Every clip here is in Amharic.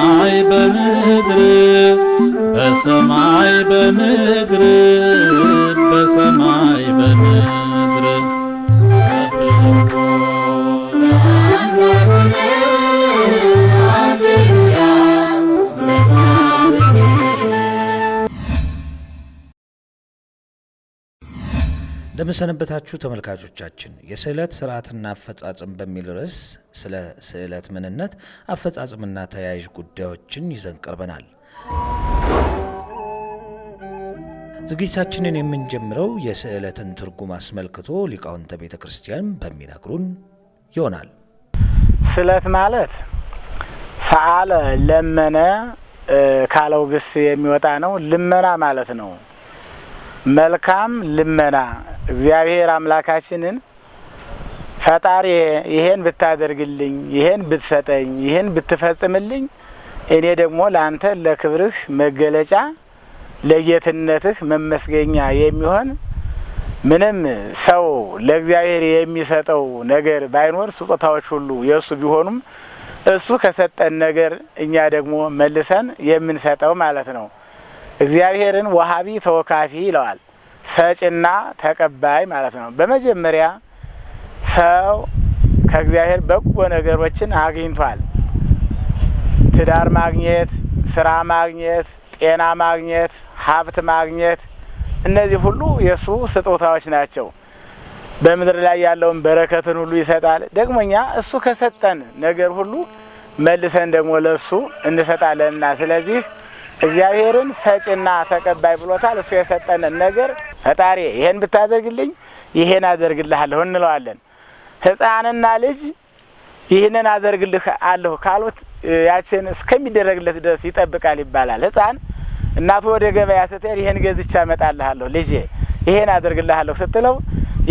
በሰማይ በምድር በሰማይ በምድር በሰማይ እንደምንሰነበታችሁ ተመልካቾቻችን የስዕለት ስርዓትና አፈጻጽም በሚል ርዕስ ስለ ስዕለት ምንነት፣ አፈጻጽምና ተያያዥ ጉዳዮችን ይዘን ቀርበናል። ዝግጅታችንን የምንጀምረው የስዕለትን ትርጉም አስመልክቶ ሊቃውንተ ቤተ ክርስቲያን በሚነግሩን ይሆናል። ስዕለት ማለት ሰአለ ለመነ ካለው ግስ የሚወጣ ነው። ልመና ማለት ነው። መልካም ልመና እግዚአብሔር አምላካችንን ፈጣሪ ይሄን ብታደርግልኝ፣ ይሄን ብትሰጠኝ፣ ይሄን ብትፈጽምልኝ እኔ ደግሞ ለአንተ ለክብርህ መገለጫ ለጌትነትህ መመስገኛ የሚሆን ምንም ሰው ለእግዚአብሔር የሚሰጠው ነገር ባይኖር ስጦታዎች ሁሉ የእሱ ቢሆኑም እሱ ከሰጠን ነገር እኛ ደግሞ መልሰን የምንሰጠው ማለት ነው። እግዚአብሔርን ወሃቢ ተወካፊ ይለዋል። ሰጭና ተቀባይ ማለት ነው። በመጀመሪያ ሰው ከእግዚአብሔር በጎ ነገሮችን አግኝቷል። ትዳር ማግኘት፣ ስራ ማግኘት፣ ጤና ማግኘት፣ ሀብት ማግኘት፣ እነዚህ ሁሉ የእሱ ስጦታዎች ናቸው። በምድር ላይ ያለውን በረከትን ሁሉ ይሰጣል። ደግሞ እኛ እሱ ከሰጠን ነገር ሁሉ መልሰን ደግሞ ለእሱ እንሰጣለንና ስለዚህ እግዚአብሔርን ሰጭና ተቀባይ ብሎታል። እሱ የሰጠንን ነገር ፈጣሪ ይሄን ብታደርግልኝ ይሄን አደርግልሃለሁ እንለዋለን። ህፃንና ልጅ ይህንን አደርግልህ አለሁ ካሉት ያችን እስከሚደረግለት ድረስ ይጠብቃል ይባላል። ህፃን እናቱ ወደ ገበያ ስትሄድ ይህን ገዝቻ እመጣልሃለሁ ልጄ ይሄን አደርግልሃለሁ ስትለው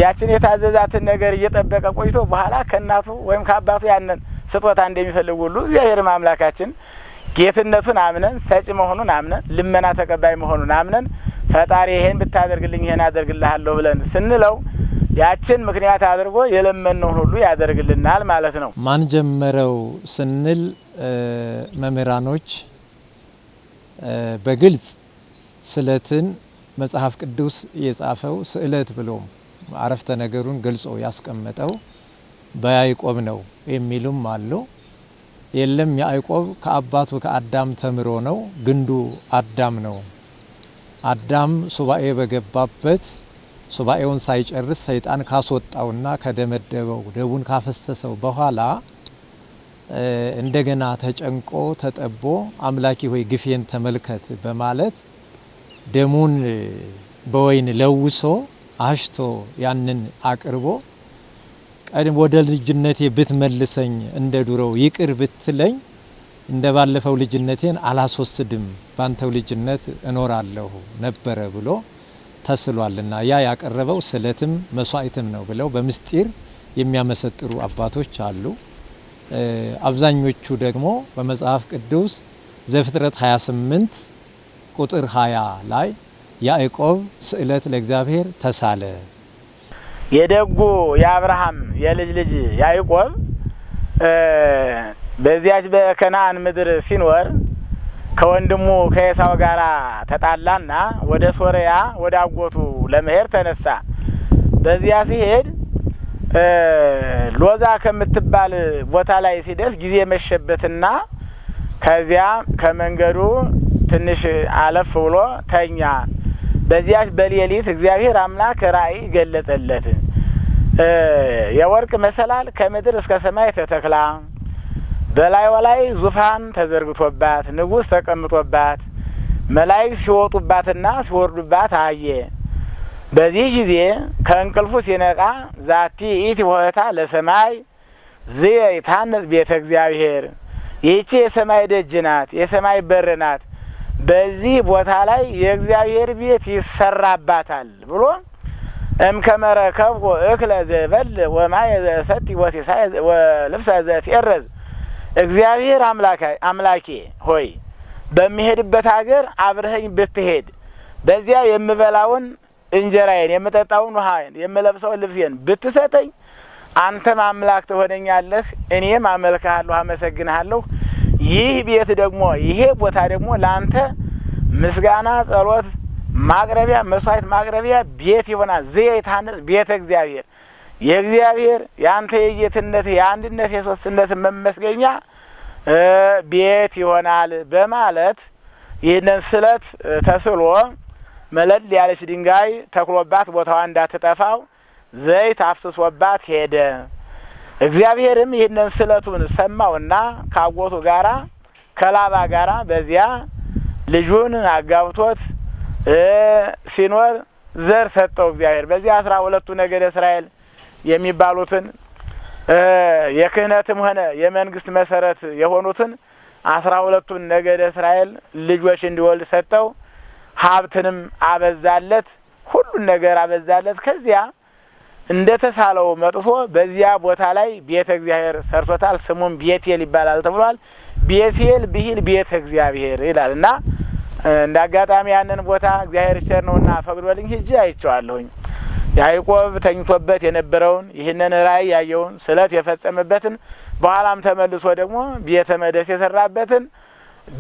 ያችን የታዘዛትን ነገር እየጠበቀ ቆይቶ በኋላ ከእናቱ ወይም ከአባቱ ያንን ስጦታ እንደሚፈልግ ሁሉ እግዚአብሔርም አምላካችን ጌትነቱን አምነን ሰጪ መሆኑን አምነን ልመና ተቀባይ መሆኑን አምነን ፈጣሪ ይሄን ብታደርግልኝ ይሄን አደርግልሃለሁ ብለን ስንለው ያችን ምክንያት አድርጎ የለመነውን ሁሉ ያደርግልናል ማለት ነው። ማን ጀመረው ስንል መምህራኖች በግልጽ ስዕለትን መጽሐፍ ቅዱስ የጻፈው ስዕለት ብሎ አረፍተ ነገሩን ገልጾ ያስቀመጠው በያይቆብ ነው የሚሉም አሉ። የለም ያዕቆብ ከአባቱ ከአዳም ተምሮ ነው። ግንዱ አዳም ነው። አዳም ሱባኤ በገባበት ሱባኤውን ሳይጨርስ ሰይጣን ካስወጣውና ከደመደበው ደቡን ካፈሰሰው በኋላ እንደገና ተጨንቆ ተጠቦ አምላኪ ሆይ ግፌን ተመልከት በማለት ደሙን በወይን ለውሶ አሽቶ ያንን አቅርቦ ቀድም ወደ ልጅነቴ ብትመልሰኝ እንደ ዱሮው ይቅር ብትለኝ እንደ ባለፈው ልጅነቴን አላስወስድም ባንተው ልጅነት እኖራለሁ ነበረ ብሎ ተስሏልና ያ ያቀረበው ስለትም መስዋዕትም ነው ብለው በምስጢር የሚያመሰጥሩ አባቶች አሉ። አብዛኞቹ ደግሞ በመጽሐፍ ቅዱስ ዘፍጥረት 28 ቁጥር 20 ላይ ያዕቆብ ስዕለት ለእግዚአብሔር ተሳለ የደጉ የአብርሃም የልጅ ልጅ ያዕቆብ በዚያች በከነአን ምድር ሲኖር ከወንድሙ ከኤሳው ጋር ተጣላና ወደ ሶሪያ ወደ አጎቱ ለመሄድ ተነሳ። በዚያ ሲሄድ ሎዛ ከምትባል ቦታ ላይ ሲደርስ ጊዜ መሸበትና ከዚያ ከመንገዱ ትንሽ አለፍ ብሎ ተኛ። በዚያች በሌሊት እግዚአብሔር አምላክ ራእይ ገለጸለት። የወርቅ መሰላል ከምድር እስከ ሰማይ ተተክላ በላይዋ ላይ ዙፋን ተዘርግቶባት ንጉሥ ተቀምጦባት መላእክት ሲወጡባትና ሲወርዱባት አየ። በዚህ ጊዜ ከእንቅልፉ ሲነቃ ዛቲ ኢት ወህታ ለሰማይ ዝየ ታነጽ ቤተ እግዚአብሔር ይህቺ የሰማይ ደጅ ናት፣ የሰማይ በር ናት። በዚህ ቦታ ላይ የእግዚአብሔር ቤት ይሰራባታል ብሎ ከብቆ እክለ ዘበል ወማየ ዘእሰቲ ወሲሳየ ወልብሰ ዘትኤረዝ እግዚአብሔር አምላኬ ሆይ በሚሄድበት ሀገር አብረኸኝ ብትሄድ በዚያ የምበላውን እንጀራዬን የምጠጣውን ውሃዬን የምለብሰውን ልብሴን ብትሰጠኝ አንተም አምላክ ትሆነኛለህ፣ እኔም አመልክሃለሁ፣ አመሰግንሃለሁ ይህ ቤት ደግሞ ይሄ ቦታ ደግሞ ለአንተ ምስጋና፣ ጸሎት ማቅረቢያ፣ መስዋዕት ማቅረቢያ ቤት ይሆናል። ዘይታነጽ ቤተ እግዚአብሔር የእግዚአብሔር የአንተ የጌትነት የአንድነት የሶስትነት መመስገኛ ቤት ይሆናል በማለት ይህንን ስለት ተስሎ መለድ ያለች ድንጋይ ተክሎባት ቦታዋ እንዳትጠፋው ዘይት አፍስሶባት ሄደ። እግዚአብሔርም ይህንን ስለቱን ሰማውና ካጎቱ ጋራ ከላባ ጋራ በዚያ ልጁን አጋብቶት ሲኖር ዘር ሰጠው እግዚአብሔር። በዚያ አስራ ሁለቱ ነገድ እስራኤል የሚባሉትን የክህነትም ሆነ የመንግስት መሰረት የሆኑትን አስራ ሁለቱን ነገድ እስራኤል ልጆች እንዲወልድ ሰጠው። ሀብትንም አበዛለት፣ ሁሉን ነገር አበዛለት። ከዚያ እንደ ተሳለው መጥፎ በዚያ ቦታ ላይ ቤተ እግዚአብሔር ሰርቶታል። ስሙም ቤቴል ይባላል ተብሏል። ቤቴል ብሂል ቤተ እግዚአብሔር ይላል እና እንደ አጋጣሚ ያንን ቦታ እግዚአብሔር ቸር ነውና ፈቅዶልኝ ሂጄ አይቼዋለሁኝ። ያዕቆብ ተኝቶበት የነበረውን ይህንን ራእይ ያየውን ስለት የፈጸመበትን በኋላም ተመልሶ ደግሞ ቤተ መደስ የሰራበትን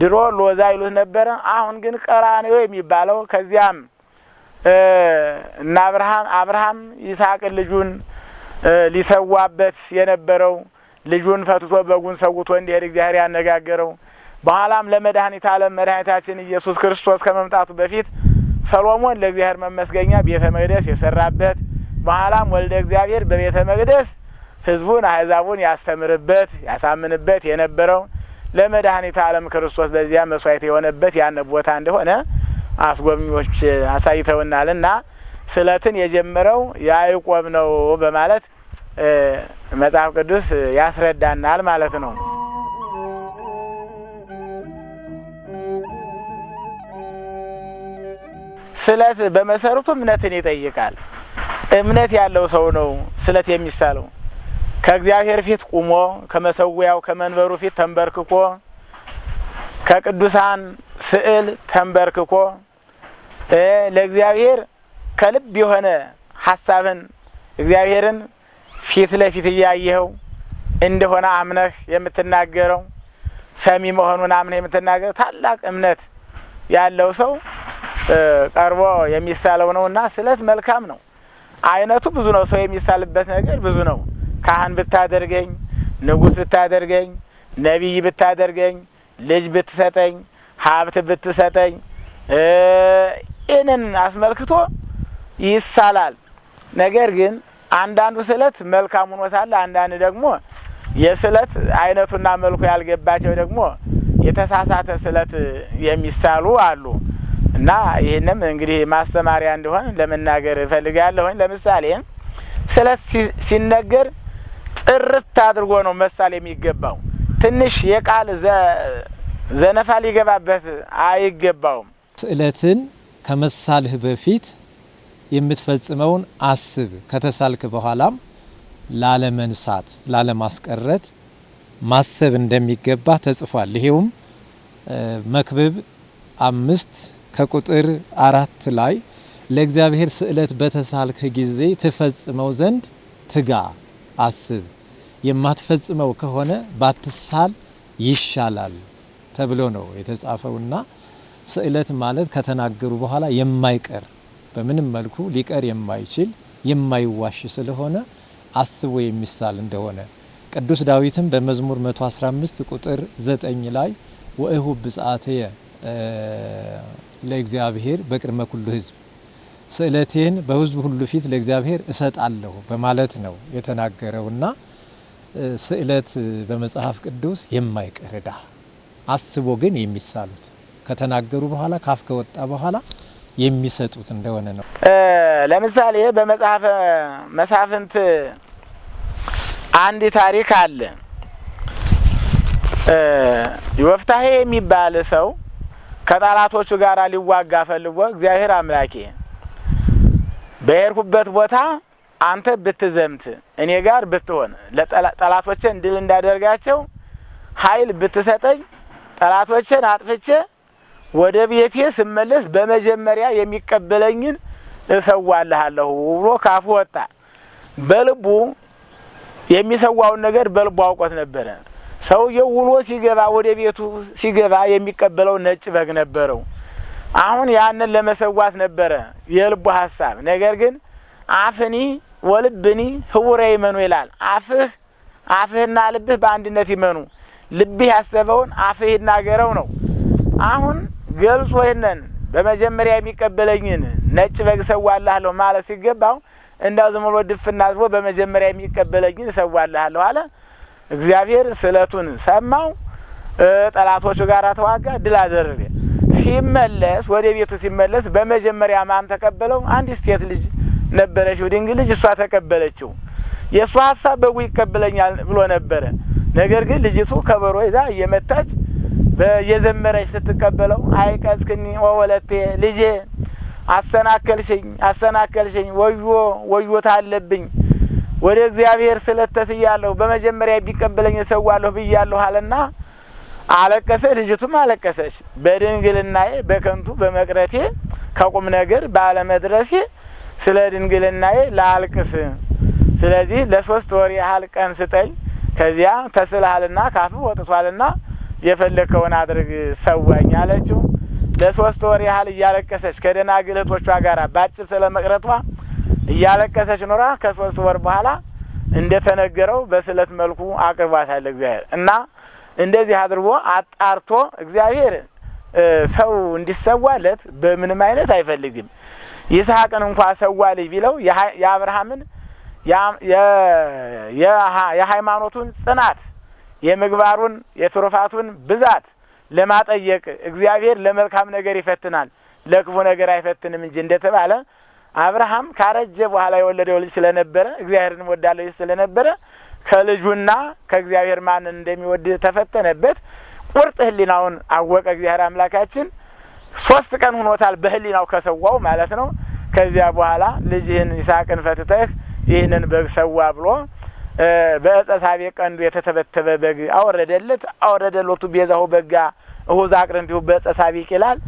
ድሮ ሎዛ ይሉት ነበረ። አሁን ግን ቀራንዮ የሚባለው ከዚያም እና አብርሃም አብርሃም ይስሐቅን ልጁን ሊሰዋበት የነበረው ልጁን ፈትቶ በጉን ሰውቶ እንዲሄድ እግዚአብሔር ያነጋገረው በኋላም ለመድኃኒት ዓለም መድኃኒታችን ኢየሱስ ክርስቶስ ከመምጣቱ በፊት ሰሎሞን ለእግዚአብሔር መመስገኛ ቤተ መቅደስ የሰራበት በኋላም ወልደ እግዚአብሔር በቤተ መቅደስ ህዝቡን አሕዛቡን ያስተምርበት ያሳምንበት የነበረው ለመድኃኒት ዓለም ክርስቶስ በዚያ መስዋዕት የሆነበት ያነ ቦታ እንደሆነ አስጎብኚዎች አሳይተውናል እና ስለትን የጀመረው ያዕቆብ ነው በማለት መጽሐፍ ቅዱስ ያስረዳናል ማለት ነው። ስለት በመሰረቱ እምነትን ይጠይቃል። እምነት ያለው ሰው ነው ስለት የሚሳለው። ከእግዚአብሔር ፊት ቁሞ ከመሰዊያው ከመንበሩ ፊት ተንበርክኮ ከቅዱሳን ስዕል ተንበርክኮ ለእግዚአብሔር ከልብ የሆነ ሀሳብን እግዚአብሔርን ፊት ለፊት እያየኸው እንደሆነ አምነህ የምትናገረው ሰሚ መሆኑን አምነህ የምትናገረው ታላቅ እምነት ያለው ሰው ቀርቦ የሚሳለው ነው እና ስለት መልካም ነው። አይነቱ ብዙ ነው። ሰው የሚሳልበት ነገር ብዙ ነው። ካህን ብታደርገኝ፣ ንጉስ ብታደርገኝ፣ ነቢይ ብታደርገኝ፣ ልጅ ብትሰጠኝ፣ ሀብት ብትሰጠኝ ይህንን አስመልክቶ ይሳላል። ነገር ግን አንዳንዱ ስዕለት መልካም ሆኖ ሳለ አንዳንድ ደግሞ የስዕለት አይነቱና መልኩ ያልገባቸው ደግሞ የተሳሳተ ስዕለት የሚሳሉ አሉ እና ይህንም እንግዲህ ማስተማሪያ እንዲሆን ለመናገር እፈልጋለሁኝ። ለምሳሌ ስዕለት ሲነገር ጥርት አድርጎ ነው መሳል የሚገባው። ትንሽ የቃል ዘነፋ ሊገባበት አይገባውም። ስዕለትን ከመሳልህ በፊት የምትፈጽመውን አስብ። ከተሳልክ በኋላም ላለመንሳት፣ ላለማስቀረት ማሰብ እንደሚገባ ተጽፏል። ይሄውም መክብብ አምስት ከቁጥር አራት ላይ ለእግዚአብሔር ስዕለት በተሳልክ ጊዜ ትፈጽመው ዘንድ ትጋ፣ አስብ። የማትፈጽመው ከሆነ ባትሳል ይሻላል ተብሎ ነው የተጻፈውና ስዕለት ማለት ከተናገሩ በኋላ የማይቀር በምንም መልኩ ሊቀር የማይችል የማይዋሽ ስለሆነ አስቦ የሚሳል እንደሆነ ቅዱስ ዳዊትም በመዝሙር 115 ቁጥር 9 ላይ ወእሁ ብጻአትየ ለእግዚአብሔር በቅድመ ኩሉ ህዝብ ስዕለቴን በህዝብ ሁሉ ፊት ለእግዚአብሔር እሰጣለሁ በማለት ነው የተናገረውና ስዕለት በመጽሐፍ ቅዱስ የማይቀር ዕዳ አስቦ ግን የሚሳሉት ከተናገሩ በኋላ ካፍ ከወጣ በኋላ የሚሰጡት እንደሆነ ነው። ለምሳሌ በመጽሐፈ መሳፍንት አንድ ታሪክ አለ። ወፍታሄ የሚባል ሰው ከጠላቶቹ ጋር ሊዋጋ ፈልጎ እግዚአብሔር አምላኬ በሄድኩበት ቦታ አንተ ብትዘምት እኔ ጋር ብትሆን ጠላቶቼን ድል እንዳደርጋቸው ኃይል ብትሰጠኝ ጠላቶቼን አጥፍቼ ወደ ቤቴ ስመለስ በመጀመሪያ የሚቀበለኝን እሰዋልሃለሁ ብሎ ካፉ ወጣ። በልቡ የሚሰዋውን ነገር በልቡ አውቆት ነበረ። ሰውየው ውሎ ሲገባ ወደ ቤቱ ሲገባ የሚቀበለው ነጭ በግ ነበረው። አሁን ያንን ለመሰዋት ነበረ የልቡ ሀሳብ። ነገር ግን አፍኒ ወልብኒ ህቡረ ይመኑ ይላል። አፍህ አፍህና ልብህ በአንድነት ይመኑ። ልብህ ያሰበውን አፍህ ይናገረው ነው አሁን ገልጾ ይህንን በመጀመሪያ የሚቀበለኝን ነጭ በግ ሰዋልሃለሁ ማለት ሲገባው እንዳው ዝም ብሎ ድፍና ዝቦ በመጀመሪያ የሚቀበለኝን ሰዋልሃለሁ አለ። እግዚአብሔር ስለቱን ሰማው፣ ጠላቶቹ ጋር ተዋጋ፣ ድል አደረገ። ሲመለስ ወደ ቤቱ ሲመለስ በመጀመሪያ ማን ተቀበለው? አንዲት ሴት ልጅ ነበረች፣ ድንግል ልጅ። እሷ ተቀበለችው። የእሷ ሀሳብ በጉ ይቀበለኛል ብሎ ነበረ። ነገር ግን ልጅቱ ከበሮ ይዛ እየመታች የዘመረች ስትቀበለው አይቀስክኒ ወወለቴ ልጄ አሰናከልሽኝ አሰናከልሽኝ ወዮ ወዮታ አለብኝ ወደ እግዚአብሔር ስለተስያለሁ በመጀመሪያ ቢቀበለኝ እሰዋለሁ ብያለሁ አለና አለቀሰ። ልጅቱም አለቀሰች። በድንግልናዬ በከንቱ በመቅረቴ ከቁም ነገር ባለመድረሴ ስለ ድንግልናዬ ላልቅስ። ስለዚህ ለሶስት ወር ያህል ቀን ስጠኝ። ከዚያ ተስልሃልና ካፍ ወጥቷልና የፈለከውን አድርግ ሰዋኝ አለችው። ለሶስት ወር ያህል እያለቀሰች ከደናግል እህቶቿ ጋር ባጭር ስለ መቅረቷ እያለቀሰች ኖራ ከሶስት ወር በኋላ እንደተነገረው በስለት መልኩ አቅርቧታል እግዚአብሔር እና እንደዚህ አድርጎ አጣርቶ እግዚአብሔር ሰው እንዲሰዋለት በምንም አይነት አይፈልግም። ይስሐቅን እንኳ ሰዋ ልጅ ቢለው የአብርሃምን የሃይማኖቱን ጽናት የምግባሩን የትሩፋቱን ብዛት ለማጠየቅ እግዚአብሔር ለመልካም ነገር ይፈትናል፣ ለክፉ ነገር አይፈትንም እንጂ እንደተባለ አብርሃም ካረጀ በኋላ የወለደው ልጅ ስለነበረ እግዚአብሔርን ወዳለው ልጅ ስለነበረ ከልጁና ከእግዚአብሔር ማንን እንደሚወድ ተፈተነበት። ቁርጥ ህሊናውን አወቀ። እግዚአብሔር አምላካችን ሶስት ቀን ሁኖታል በህሊናው ከሰዋው ማለት ነው። ከዚያ በኋላ ልጅህን ይስሐቅን ፈትተህ ይህንን በግ ሰዋ ብሎ በዕፀ ሳቤቅ ቀንዱ የተተበተበ በግ አወረደለት። አወረደ ሎቱ ቤዛሁ በጋ እሁዛ አቅርንቲሁ በዕፀ ሳቤቅ ይላል።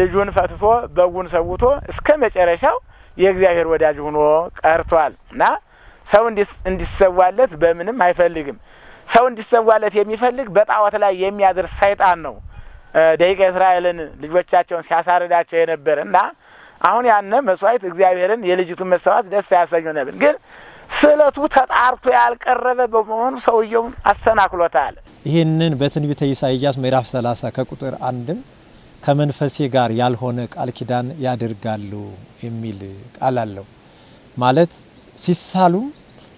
ልጁን ፈትቶ በጉን ሰውቶ እስከ መጨረሻው የእግዚአብሔር ወዳጅ ሆኖ ቀርቷል እና ሰው እንዲሰዋለት በምንም አይፈልግም። ሰው እንዲሰዋለት የሚፈልግ በጣዖት ላይ የሚያድር ሰይጣን ነው። ደቂቀ እስራኤልን ልጆቻቸውን ሲያሳርዳቸው የነበረ እና አሁን ያነ መስዋዕት እግዚአብሔርን የልጅቱን መሰዋት ደስ አያሰኘው ነብን ግን ስዕለቱ ተጣርቶ ያልቀረበ በመሆኑ ሰውየውን አሰናክሎታል። ይህንን በትንቢተ ኢሳይያስ ምዕራፍ 30 ከቁጥር አንድም ከመንፈሴ ጋር ያልሆነ ቃል ኪዳን ያደርጋሉ የሚል ቃል አለው። ማለት ሲሳሉ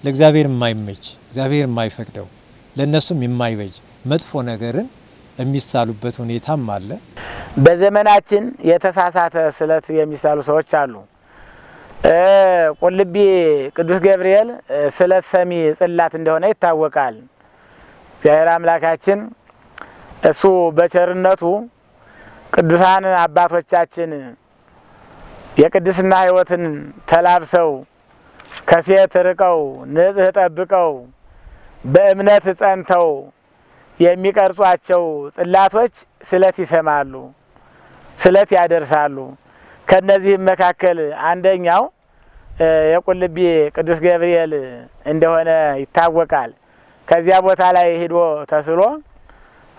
ለእግዚአብሔር የማይመች እግዚአብሔር የማይፈቅደው ለእነሱም የማይበጅ መጥፎ ነገርን የሚሳሉበት ሁኔታም አለ። በዘመናችን የተሳሳተ ስዕለት የሚሳሉ ሰዎች አሉ። ቁልቢ ቅዱስ ገብርኤል ስለት ሰሚ ጽላት እንደሆነ ይታወቃል። እግዚአብሔር አምላካችን እሱ በቸርነቱ ቅዱሳን አባቶቻችን የቅድስና ሕይወትን ተላብሰው ከሴት ርቀው ንጽህ ጠብቀው በእምነት ጸንተው የሚቀርጿቸው ጽላቶች ስለት ይሰማሉ፣ ስለት ያደርሳሉ። ከእነዚህም መካከል አንደኛው የቁልቢ ቅዱስ ገብርኤል እንደሆነ ይታወቃል። ከዚያ ቦታ ላይ ሂዶ ተስሎ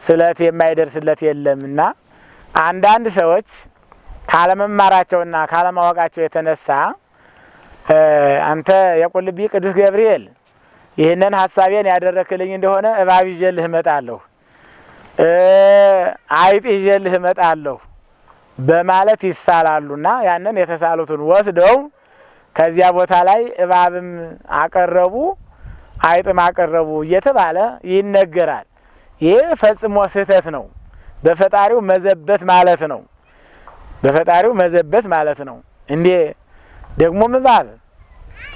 ስለት የማይደርስለት የለምና አንዳንድ ሰዎች ካለመማራቸውና ካለማወቃቸው የተነሳ አንተ የቁልቢ ቅዱስ ገብርኤል ይህንን ሀሳቤን ያደረክልኝ እንደሆነ እባብ ይዤልህ እመጣለሁ፣ አይጥ ይዤልህ እመጣለሁ በማለት ይሳላሉና ያንን የተሳሉትን ወስደው ከዚያ ቦታ ላይ እባብም አቀረቡ አይጥም አቀረቡ እየተባለ ይነገራል። ይህ ፈጽሞ ስህተት ነው። በፈጣሪው መዘበት ማለት ነው። በፈጣሪው መዘበት ማለት ነው። እንዴ ደግሞም እባብ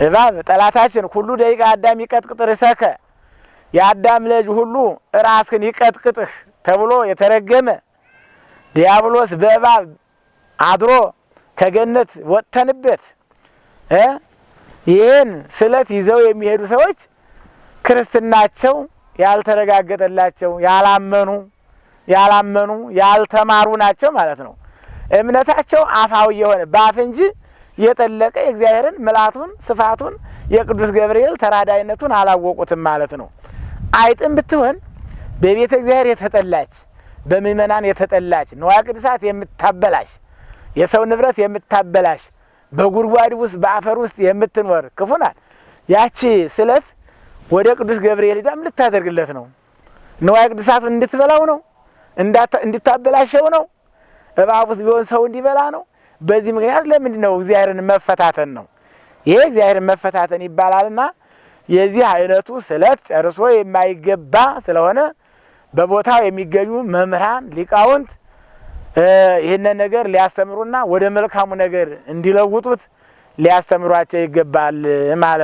እባብ ጠላታችን ሁሉ ደቂቃ አዳም ይቀጥቅጥ ርእሰከ የአዳም ልጅ ሁሉ ራስህን ይቀጥቅጥህ ተብሎ የተረገመ ዲያብሎስ በእባብ አድሮ ከገነት ወጥተንበት ይህን ስለት ይዘው የሚሄዱ ሰዎች ክርስትናቸው ያልተረጋገጠላቸው ያላመኑ ያላመኑ ያልተማሩ ናቸው ማለት ነው። እምነታቸው አፋዊ የሆነ ባፍ እንጂ የጠለቀ የእግዚአብሔርን ምላቱን ስፋቱን የቅዱስ ገብርኤል ተራዳይነቱን አላወቁትም ማለት ነው። አይጥም ብትሆን በቤተ እግዚአብሔር የተጠላች በምእመናን የተጠላች ንዋየ ቅድሳት የምታበላሽ የሰው ንብረት የምታበላሽ በጉድጓድ ውስጥ በአፈር ውስጥ የምትኖር ክፉ ናት። ያቺ ስለት ወደ ቅዱስ ገብርኤል ሂዳም ልታደርግለት ነው። ንዋየ ቅድሳቱን እንድትበላው ነው፣ እንድታበላሸው ነው። እባብ ውስጥ ቢሆን ሰው እንዲበላ ነው። በዚህ ምክንያት ለምንድን ነው እግዚአብሔርን መፈታተን ነው። ይሄ እግዚአብሔርን መፈታተን ይባላልና የዚህ አይነቱ ስለት ጨርሶ የማይገባ ስለሆነ በቦታው የሚገኙ መምህራን፣ ሊቃውንት ይህንን ነገር ሊያስተምሩና ወደ መልካሙ ነገር እንዲለውጡት ሊያስተምሯቸው ይገባል ማለት ነው።